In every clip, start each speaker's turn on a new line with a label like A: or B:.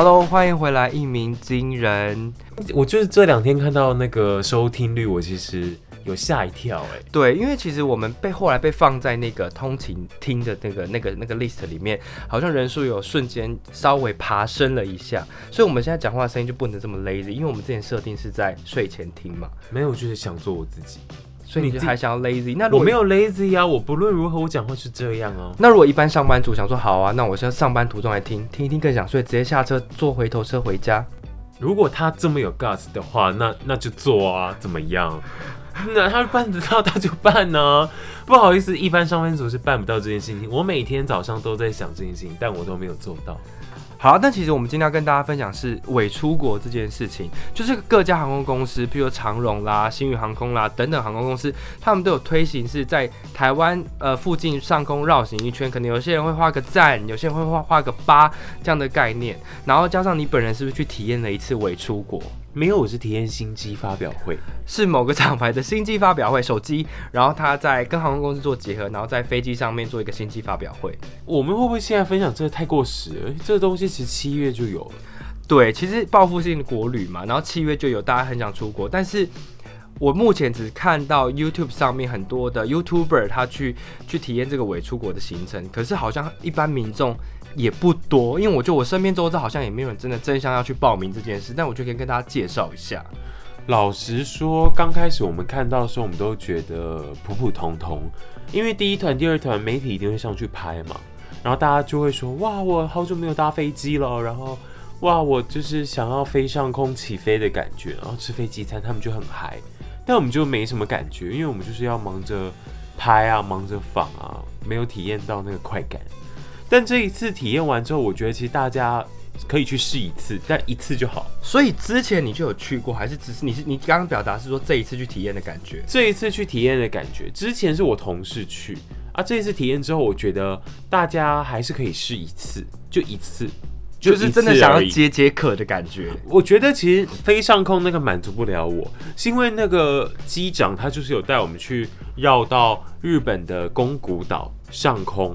A: Hello，歡迎回來！羿旼驚人，我就是這兩天看到那個收聽率，我其實有嚇一跳哎。對，因為其實我們被後來被放在那個通勤聽的那個那個那個 list 裡面，好像人數有瞬間稍微爬升了一下，所以我們現在講話的聲音就不能這麼 lazy，因為我們之前設定是在睡前聽嘛。沒有，就是想做我自己。所以你還想要 lazy？那我沒有
B: lazy 啊！我不論如何，我講話是這樣哦。
A: 那如果一般上班族想說好啊，那我先上班途中來聽聽一聽，更想睡，直接下車坐回頭車回家。如果他這麼有 gas 的話，
B: 那那就做啊，怎麼樣？那他辦得到他就辦呢、啊。不好意思，一般上班族是辦不到這件事情。我每天早上都在想這件事情，但我都沒有做
A: 到。好，但那其實我們今天要跟大家分享是偽出國這件事情，就是各家航空公司，比如長榮啦、星宇航空啦等等航空公司，他們都有推行是在台灣呃附近上空繞行一圈，可能有些人會畫個讚，有些人會畫畫個八這樣的概念，然後加上你本人是不是去體驗了一次偽出國？沒有，我是體驗新機發表會，是某個廠牌的新機發表會，手機，然後他在跟航空公司做結合，然後在飛機上面做一個新機發表會。我們會不會現在分享這個太過時了？這個東西其實七月就有了。對，其實報復性國旅嘛，然後七月就有，大家很想出國，但是我目前只看到 YouTube 上面很多的 YouTuber 他去去體驗這個偽出國的行程，可是好像一般民眾。也不多，因為我覺得我身邊周遭好像也沒有人真的真想要去報名這件事。但我就可以跟大家介紹一下，
B: 老實說，剛開始我們看到的時候，我們都覺得普普通通，因為第一團、第二團媒體一定會上去拍嘛，然後大家就會說：哇，我好久沒有搭飛機了，然後哇，我就是想要飛上空起飛的感覺，然後吃飛機餐，他們就很嗨。但我們就沒什麼感覺，因為我們就是要忙着拍啊，忙着訪啊，沒有體驗到那個快感。但這一次體驗完之後，我覺得其實大家可以去試一次，但一次就好。所以之前你就有去過，還是只是你是你剛剛表達是說這一次去體驗的感覺？這一次去體驗的感覺，之前是我同事去啊。這一次體驗之後，我覺得大家還是可以試一次，就一次，就是就真的想要解解渴的感覺。我覺得其實飛上空那個滿足不了我，是因為那個機長他就是有帶我們去繞到日本的宮古島上空。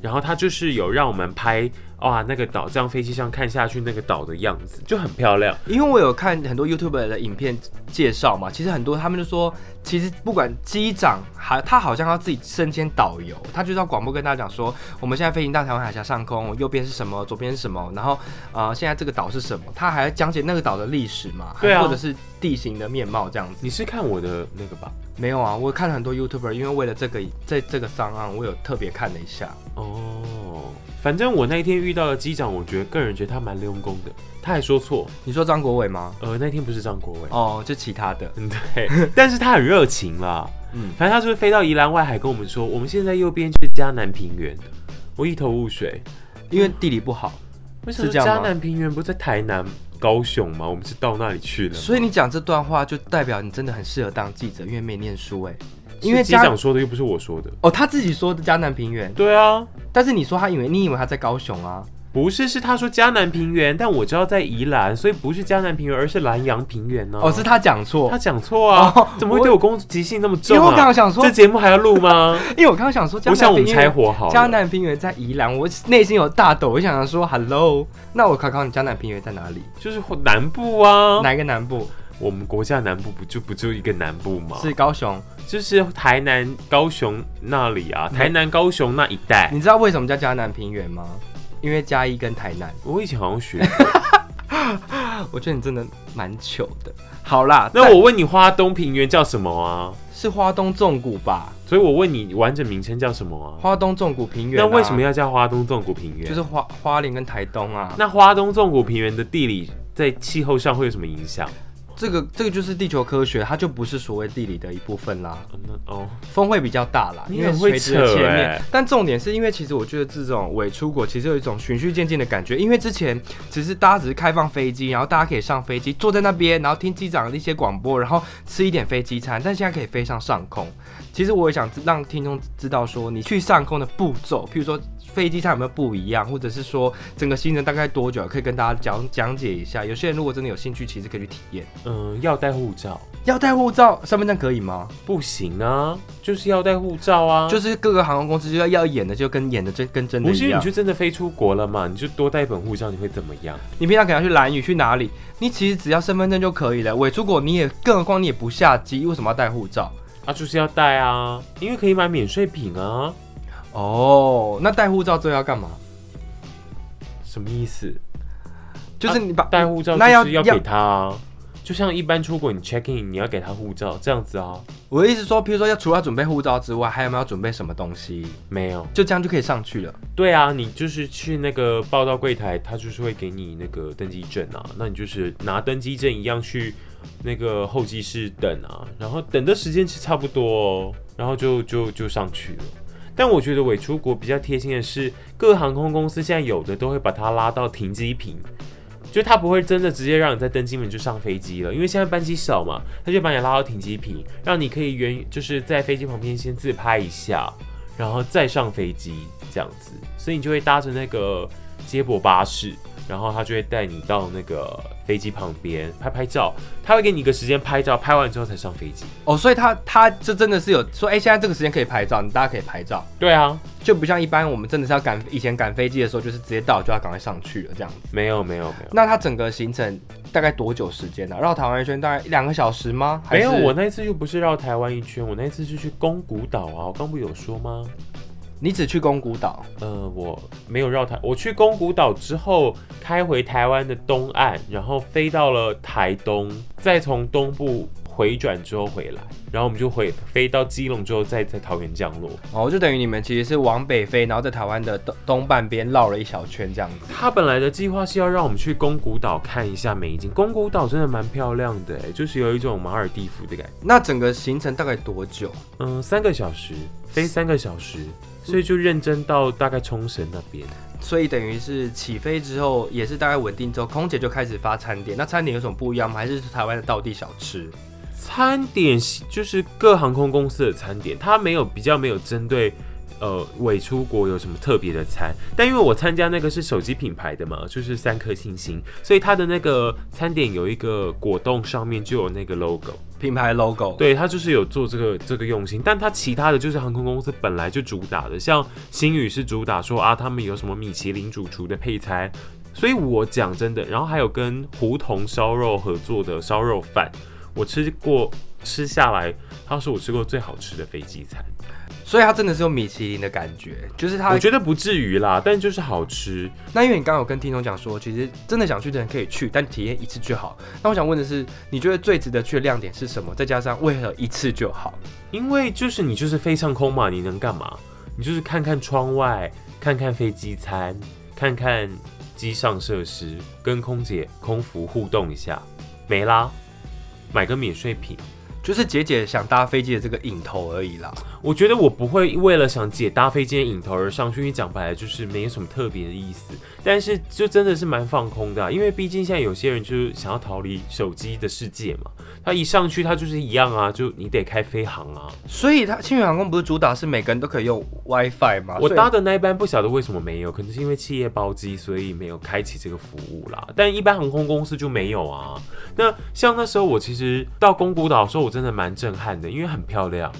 B: 然後他就是有讓我們拍。哇，那個
A: 島，這樣飛機上看下去，那個島的樣子就很漂亮。因為我有看很多 YouTuber 的影片介紹嘛，其實很多他們就說，其實不管機長還，還他好像要自己身兼導遊，他就到廣播跟大家講說，我們現在飛行到台灣海峽上空，右邊是什麼，左邊是什麼，然後啊、呃，現在這個島是什麼，他還講解那個島的歷史嘛，對啊、或者是地形的面貌這樣子。你是看我的那個吧？沒有啊，我看了很多 YouTuber，因為為了這個，在這個上岸，我有特別看了一下。哦。Oh. 反正我那天遇到的機
B: 長，我覺得個人覺得他蠻用功的。他還說錯，你說張國偉嗎？呃，那天不是張國偉，哦，oh, 就其他的。嗯，對， 但是他很熱情啦。嗯，反正他就是飛到宜蘭外海跟我們說，嗯、我們現在右邊是嘉南平原。我一頭霧水，因為地理不好，為什麼嘉南
A: 平原不是在台南高雄嗎？我們是到那裡去的。所以你講這段話，就代表你真的很適合當記者，因為沒念書哎。因為家長說的又不是我說的哦，他自己說的嘉南平原。對啊，但是你說他以為你以為他在高雄啊？不
B: 是，是他說嘉南平原，但我知道在宜蘭，所以不是嘉南平原，而是蘭陽平原呢、啊。哦，是他
A: 講錯，他講錯啊！
B: 哦、怎麼會對我攻擊性那麼重啊？因為我剛剛
A: 想說，這節目還要錄嗎？因為我剛剛想說， 我剛剛說我，我好。嘉南平原在宜蘭，我內心有大抖。我想要說，Hello，那我考考你，嘉南平原在哪裡？就是南部啊，哪一個南部？我
B: 們國家南部不就不就一個南部嗎？是高雄。就是台南、高雄
A: 那裡啊，台南、高雄那一帶，嗯。你知道為什麼叫嘉南平原嗎？因為嘉義跟台南。我以前好像學， 我覺得你真的蠻糗的。
B: 好啦，但那我問你，花東平原叫什麼啊？是花東縱谷吧？所以我問你，完整名稱叫什麼啊？
A: 花東縱谷平原，啊。那為什麼
B: 要叫花東縱谷平原？就是
A: 花花蓮跟台東啊。那花東縱谷平原的地理在氣候上會有什麼影響？這個這個就是地球科學，它就不是所謂地理的一部分啦。哦，oh, not 風會比較大啦，因為會扯前面，欸。但重點是因為其實我覺得這種偽出國其實有一種循序漸進的感覺，因為之前只是大家只是開放飛機，然後大家可以上飛機，坐在那邊，然後聽機長的一些廣播，然後吃一點飛機餐。但現在可以飛上上空，其實我也想讓聽眾知道說，你去上空的步驟，譬如說。飛機上有沒有不一樣，或者是說整個行程大概多久？可以跟大家講講解一下。有些人如果真的有興趣，其實可以去體驗。嗯，要帶護照，要帶護照，身份證可以嗎？不行啊，就是要帶護照啊。就是各個航空公司就要要演的，就跟演的真跟真的不是，你就真的飛出國了嘛？你就多帶一本護照，你會怎麼樣？你平常可能去蘭嶼去哪裡？你其實只要身份證就可以了。偽，出國你也，更何況你也不下機，為什麼要帶護照？啊，就是要帶啊，因為可以買免稅品啊。哦，oh，那帶護照這要幹嘛？什麼意思？就是你把帶護、啊、照就是要那要要給他、啊，要就像一般出
B: 國你 check in，你要給他護照這樣子啊。我的意思說，譬如說要除了要準備護照之外，還有沒有要準
A: 備什麼東西？沒有，就這樣就可以上去了。
B: 對啊，你就是去那個報到櫃台，他就是會給你那個登機證啊，那你就是拿登機證一樣去那個候機室等啊，然後等的時間其實差不多哦，然後就就就上去了。但我覺得偽出國比較貼心的是，各航空公司現在有的都會把它拉到停機坪，就它不會真的直接讓你在登機門就上飛機了，因為現在班機少嘛，它就把你拉到停機坪，讓你可以原就是在飛機旁邊先自拍一下，然後再上飛機這樣子，所以你就會搭着那個接駁巴士。然後他就會帶你到那個飛機旁邊拍拍照，他會給你一個時
A: 間拍照，拍完之後才上飛機。哦，所以他他這真的是有說，哎、欸，現在這個時間可以拍照，你大家可以拍照。對啊，就不像一般我們真的是要趕，以前趕飛機的時候就是直接到就要趕快上去了這樣子。沒有沒有沒有，沒有沒有。那他整個行程大概多久時間呢？啊？繞台灣一圈大概兩個小時嗎？還是沒有。我那
B: 次又不是繞台灣一圈，我那次是去宮古島啊，我剛不有說嗎？你只去宮古島？呃，我沒有繞台，我去宮古島之後，開回台灣的東岸，然後飛到了台東，再從東
A: 部回轉之後回來，然後我們就回飛到基隆之後，再在桃園降落。哦，就等於你們其實是往北飛，然後在台灣的東東半邊繞了一小圈這樣子。他本來的計劃
B: 是要讓我們去
A: 宮古島看一下美景，宮古島真的蠻漂亮的，就
B: 是有一種馬爾地夫的感覺。那整個行程大概多久？嗯、呃，三個小時，飛三個小時。所以就認真到大概沖繩那邊、嗯，
A: 所以等於是起飛之後，也是大概穩定之後，空姐就開始發餐點。那餐點有什麼不一樣嗎？還是台灣的道地小吃？餐點就是各航空公司的餐點，它沒有比較、沒有
B: 針對呃偽出國有什麼特別的餐。但因為我參加那個是手機品牌的嘛，就是三顆星星，所以它的那個餐點有一個果凍上面就有那個 logo。品牌 logo，對，他就是有做這個這個用心，但他其他的就是航空公司本來就主打的，像星宇是主打說啊，他們有什麼米其林主廚的配餐，所以我講真的，然後還有跟胡同燒肉合作的燒肉飯，我吃過吃下來，他是我吃過最好吃的飛機餐。所以它真
A: 的是有米其林的感覺，就是它我覺得不至於啦，但就是好吃。那因為你剛剛有跟聽眾講說，其實真的想去的人可以去，但體驗一次就好。那我想問的是，你覺得最值得去的亮點是什麼？再加上為何一次就好？因為就是你就是飛上空嘛，你能
B: 幹嘛？你就是看看窗外，看看飛機餐，看看機上設施，跟空姐、空服互動一下，沒啦，買個免稅品。就是解解想搭飛機的這個癮頭而已啦。我覺得我不會為了想解搭飛機的癮頭而上去，因為講白了就是沒有什麼特別的意思。但是就真的是蠻放空的啊，因為畢竟現在有些人就是想要逃離手機的世界嘛。
A: 他一上去他就是一樣啊，就你得開飛航啊。所以他星宇航空不是主打是每個人都可以用 WiFi 嗎？我搭的
B: 那一班不曉得為什麼沒有，可能是因為企業包機所以沒有開啟這個服務啦。但一般航空公司就沒有啊。那像那時候我其實
A: 到宮古島的時候，我真。真的蠻震撼的，因為很漂亮，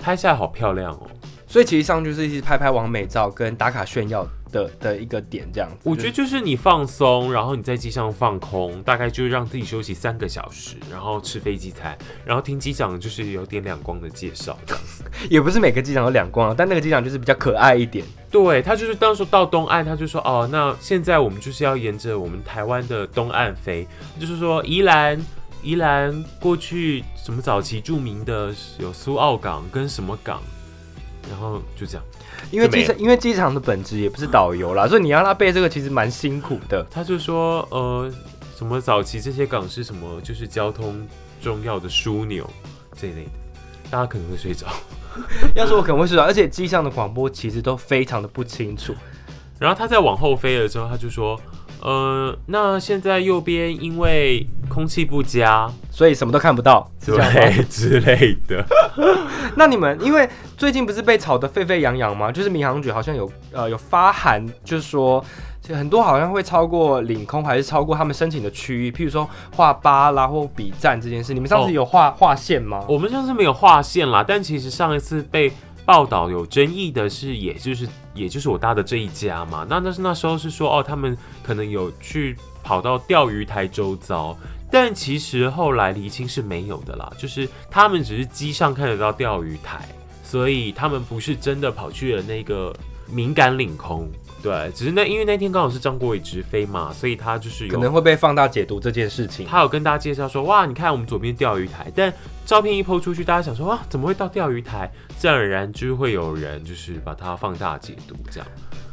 A: 拍下來好漂亮哦、喔。所以其實上就是一直拍拍網美照跟打卡炫耀的的一個點，這樣子。我覺
B: 得就是你放鬆，然後你在機上放空，大概就讓自己休息三個小時，然後吃飛機餐，然後聽機長就是有點兩光的介紹這樣子。
A: 也不是每個機長有兩光，啊，但那個機長就是比較可愛一點。
B: 對，他就是當時到東岸，他就說：“哦，那現在我們就是要沿着我們台灣的東岸飛，就是說宜蘭。”宜蘭過去什麼早期著名的有蘇澳港跟什麼港，然後就這樣。
A: 因為機場，因為機場的本質也不是導遊啦，嗯、所以你要讓他背這個其
B: 實蠻辛苦的。他就說，呃，什麼早期這些港是什麼，就是交通重要的樞紐這一類的，大家可能會睡着。
A: 要是我可能會睡着，嗯、而且機上的廣播其
B: 實都非常的不清楚。然後他在往後飛的時候，他就說。呃，那現在右邊因為空氣不佳，
A: 所以什麼都看不到，之類之類的。 那你們因為最近不是被炒得沸沸揚揚嗎？就是民航局好像有呃有發函，就是說很多好像會超過領空，還是超過他們申請的區域，譬如說畫八啦或比讚這件事，你們上次有畫、哦、畫線嗎？我們上次沒有畫線啦，但其實上一次被。
B: 報道有爭議的是，也就是也就是我搭的這一家嘛，那那是那時候是說哦，他們可能有去跑到釣魚台周遭，但其實後來釐清是沒有的啦，就是他們只是機上看得到釣魚台，所以他們不是真的跑去了那個敏感領空。對，只是那因為那天剛好是張國偉直飛嘛，所以他就是有可能會被放大解讀這件事情。他有跟大家介紹說，哇，你看我們左邊釣魚台，但照片一拋出去，大家想說，哇，怎麼會到釣魚台？自然而然就會有人就是把它放大解讀這樣。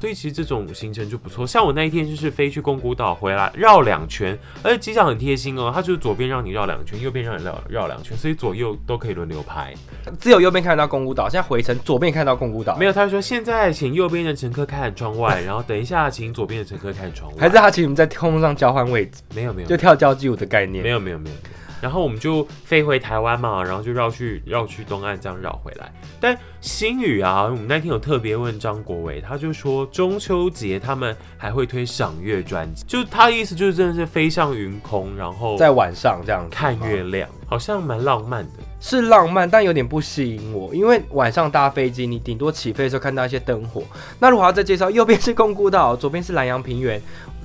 B: 所以其實這種行程就不錯，像我那一天就是飛去宮古島，回來繞兩圈，而且機長很貼心哦，他就是左邊讓你繞兩圈，右邊讓你繞繞兩圈，所以左右都可以輪流拍。只有右邊看得到宮古島？現在回程左
A: 邊也看到宮古島，
B: 沒有，他就說現在請右邊的乘客看窗外， 然後等一下請左邊的乘客看窗
A: 外，還是他請你們在空上交換位置？沒有沒有，沒有沒有就跳交際舞的概念？沒有沒有
B: 沒有。沒有沒有沒有然後我們就飛回台灣嘛，然後就繞去繞去東岸這樣繞回來。
A: 但星
B: 宇啊，我們那天有特別問張國偉，他就說中秋節他們還會推
A: 賞月專輯，就他的意思就是真的是飛向雲空，然後在晚上這樣看月亮，好像蠻浪漫的，是浪漫，但有點不吸引我，因為晚上搭飛機你頂多起飛的時候看到一些燈火。那如果要再介紹，右邊是光谷島，左邊是蘭陽平原。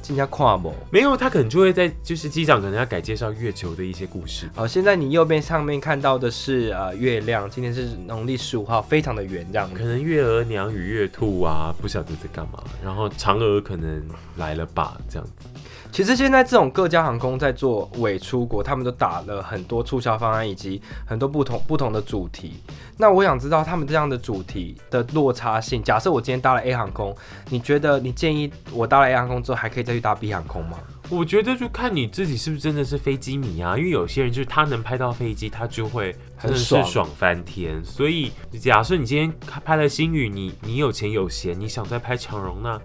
A: 更加跨模，沒有，他可能就會在，就是機長可能要改介紹月球的一些故事。好，現在你右邊上面看到的是，呃，月亮，今天是農曆十五號，非常的圓這樣。可能月兒娘與月兔啊，不曉得在幹嘛，然後嫦娥可能來了吧，這樣子。其實現在這種各家航空在做偽出國，他們都打了很多促銷方案以及很多不同不同的主題。那我想知道他們這樣的主題的落差性。假設我今天搭了 A 航空，你覺得你建議我搭了 A 航空之後，還可以再去搭 B 航空嗎？
B: 我覺得就看你自己是不是真的是飛機迷啊。因為有些人就是他能拍到飛機，他就會真的是爽翻天。爽所以假設你今天拍了星宇，你你有錢有閒，你想再拍長榮呢、啊？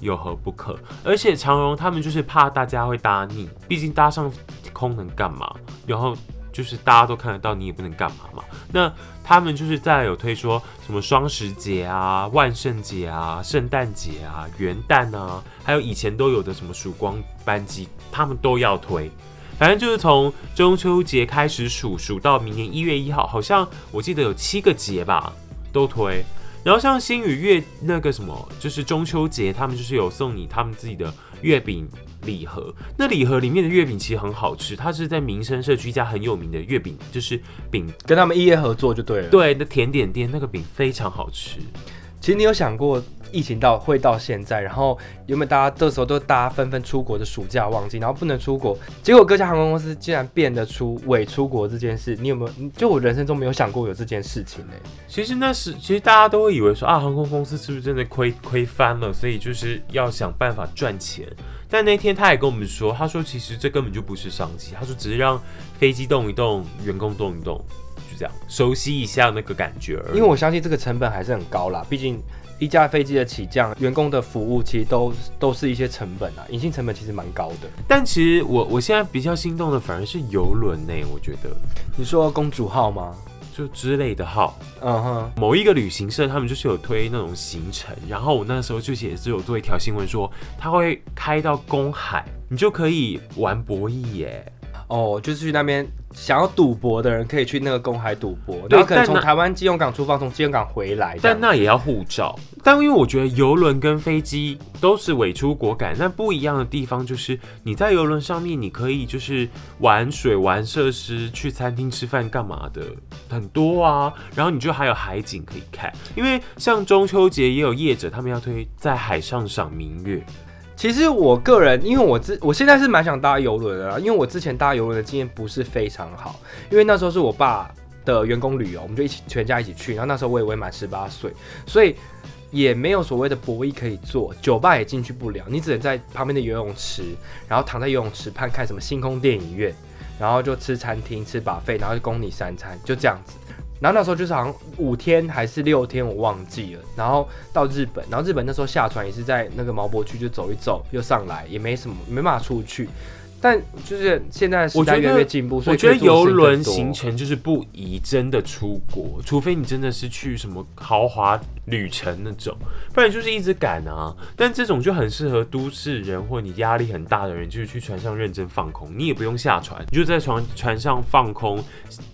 B: 有何不可？而且長榮他們就是怕大家會搭膩，畢竟搭上空能幹嘛？然後就是大家都看得到，你也不能幹嘛嘛。那他們就是再有推說什麼雙十節啊、萬聖節啊、聖誕節啊、元旦啊，還有以前都有的什麼曙光班機，他們都要推。反正就是從中秋節開始數，數到明年一月一號，好像我記得有七個節吧，都推。然後像星宇月那個什麼，就是中秋節，他們就是有送你他們自己的月餅禮盒。那禮盒裡面的月餅其實很好吃，它是在民生社區一家很
A: 有名的月餅，就是餅跟他們異業合作就對了。對，那甜點店那個餅非常好吃。其實你有想過？疫情到會到現在，然後有沒有大家這個、時候都大家紛紛出國的暑假旺季，然後不能出國，結果各家航空公司竟然變得出僞出國這件事，你有沒有？就我人生中沒有想過有這件事情呢。其實那時，其實大
B: 家都會以為說啊，航空公司是不是真的虧虧翻了，所以就是要想辦法賺錢。但那天他也跟我們說，他說其實這根本就不是商機，他說只是讓飛機動一動，員工動一動，就這樣熟悉一下那個感覺。因為我
A: 相信這個成本還是很高啦，畢竟。一架飛機的起降，員工的服務其實都都是一些成本啊，隱性成本其實蠻高的。
B: 但其實我我現在比較心動的反而是郵輪呢、欸，我覺得。你說公主號嗎？就之類的號，嗯哼、uh。Huh. 某一個旅行社，他們就是有推那種行程，然後我那時候就也是有做一條新聞說，他會開到公海，
A: 你就可以玩博弈耶、欸。哦，oh, 就是去那邊。想要賭博的人可以去那個公海賭博，然後可以從台灣基隆港出發，從基隆港回來
B: 但。但那也要護照。但因為我覺得遊輪跟飛機都是偽出國感，那不一樣的地方就是你在遊輪上面，你可以就是玩水、玩設施、去餐廳吃飯、幹嘛的很多啊。然後你就還有海景可以看，
A: 因為像中秋節也有業者他們要推在海上賞明月。其實我個人，因為我之，我現在是蠻想搭郵輪的啊，因為我之前搭郵輪的經驗不是非常好，因為那時候是我爸的員工旅遊，我們就一起全家一起去，然後那時候我也未滿十八歲，所以也沒有所謂的博弈可以做，酒吧也進去不了，你只能在旁邊的游泳池，然後躺在游泳池畔看什麼星空電影院，然後就吃餐廳吃 buffet，然後就供你三餐，就這樣子。然後那時候就是好像五天還是六天，我忘記了。然後到日本，然後日本那時候下船也是在那個毛博區就走一走，又上來也沒什麼，沒辦法出去。但就是現在時代越來越進步，我覺得我覺得遊輪行
B: 程就是不宜真的出國，除非你真的是去什麼豪華旅程那種，不然你就是一直趕啊。但這種就很適合都市人或你壓力很大的人，就是去船上認真放空，你也不用下船，你就在船船上
A: 放空，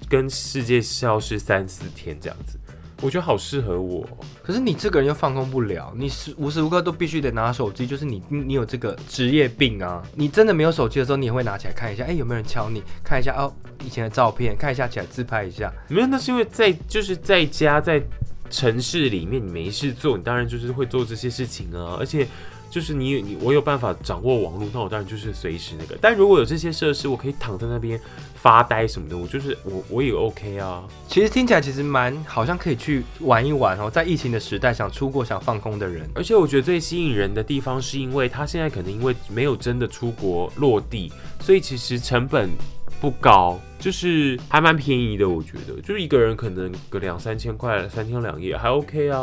A: 跟世界消失三四天這樣子。我覺得好適合我，可是你這個人又放空不了，你是無時無刻都必須得拿手機，就是你你有這個職業病啊！你真的沒有手機的時候，你也會拿起來看一下，哎、欸，有沒有人敲你？看一下哦，以前的照片，看一下起來自拍一下。沒有，那是因為在就是在家在城市
B: 裡面你沒事做，你當然就是會做這些事情啊，而且。就是你你我有辦法掌握網絡，那我當然就是隨時那個。但如果有這些設施，我可以躺在那邊發呆什
A: 麼的，我就是我我也 OK 啊。其實聽起來其實蠻好像可以去玩一玩哦，在疫情的時代想出國想放空的人，而且我覺得最吸引人的地方是因為他現在可能
B: 因為沒有真的出國落地，所以其實成本不高，就是還蠻便宜的。我覺得就是一個人可能個兩三千塊三天兩夜還 OK 啊。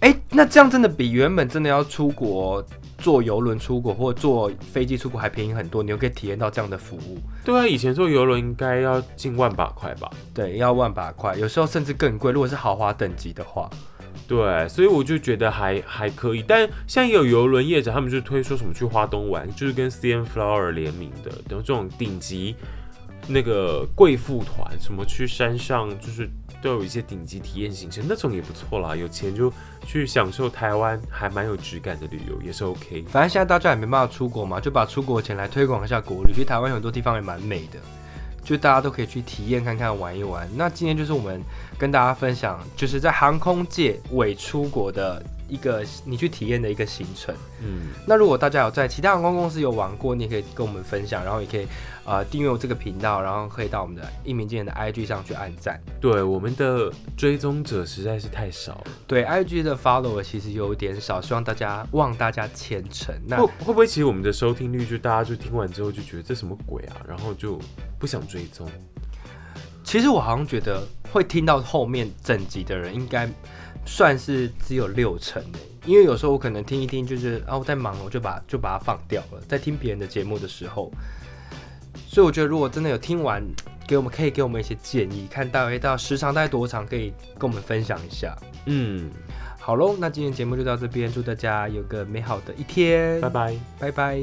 B: 誒、
A: 欸。那這樣真的比原本真的要出國坐郵輪出國或坐飛機出國還便宜很多，你又可以體驗到這樣的服務。對啊，以前坐郵輪應該要近萬把塊吧？對，要萬把塊，有時候甚至更貴，如果是豪華等級的話。
B: 對，所以我就覺得還還可以，但現在也有郵輪業者他們就推出什麼去花東玩，就是跟 CN Flower 聯名的，等這種頂級。那個貴婦團，什麼去山上，就是都有一些頂級體驗行程，那種也不錯啦。有錢
A: 就去享受台灣還蠻有質感的旅遊也是 OK。反正現在大家也沒辦法出國嘛，就把出國錢來推廣一下國旅。因為台灣很多地方也蠻美的，就大家都可以去體驗看看，玩一玩。那今天就是我們跟大家分享，就是在航空界偽出國的。一個你去體驗的一個行程，嗯，那如果大家有在其他航空公司有玩過，你也可以跟我們分享，然後也可以呃訂閱我這個頻道，然後可以到我們的羿旼驚人的 I G 上去按讚。對，我們的追蹤者實在是太少了，對 I G 的 follower 其實有點少，希望大家望大家虔誠。那會,
B: 會不會其實我們的
A: 收聽率就大家就聽完之後就覺得這什麼鬼啊，然後就不想追蹤？其實我好像覺得會聽到後面整集的人應該。算是只有六成誒，因為有時候我可能聽一聽就是哦、啊，我在忙，我就把就把它放掉了。在聽別人的節目的時候，所以我覺得如果真的有聽完，給我們可以給我們一些建議，看大概、欸、到時長大概多長，可以跟我們分享一下。嗯，好嘍，那今天節目就到這邊，祝大家有個美好的一天，拜拜，拜拜。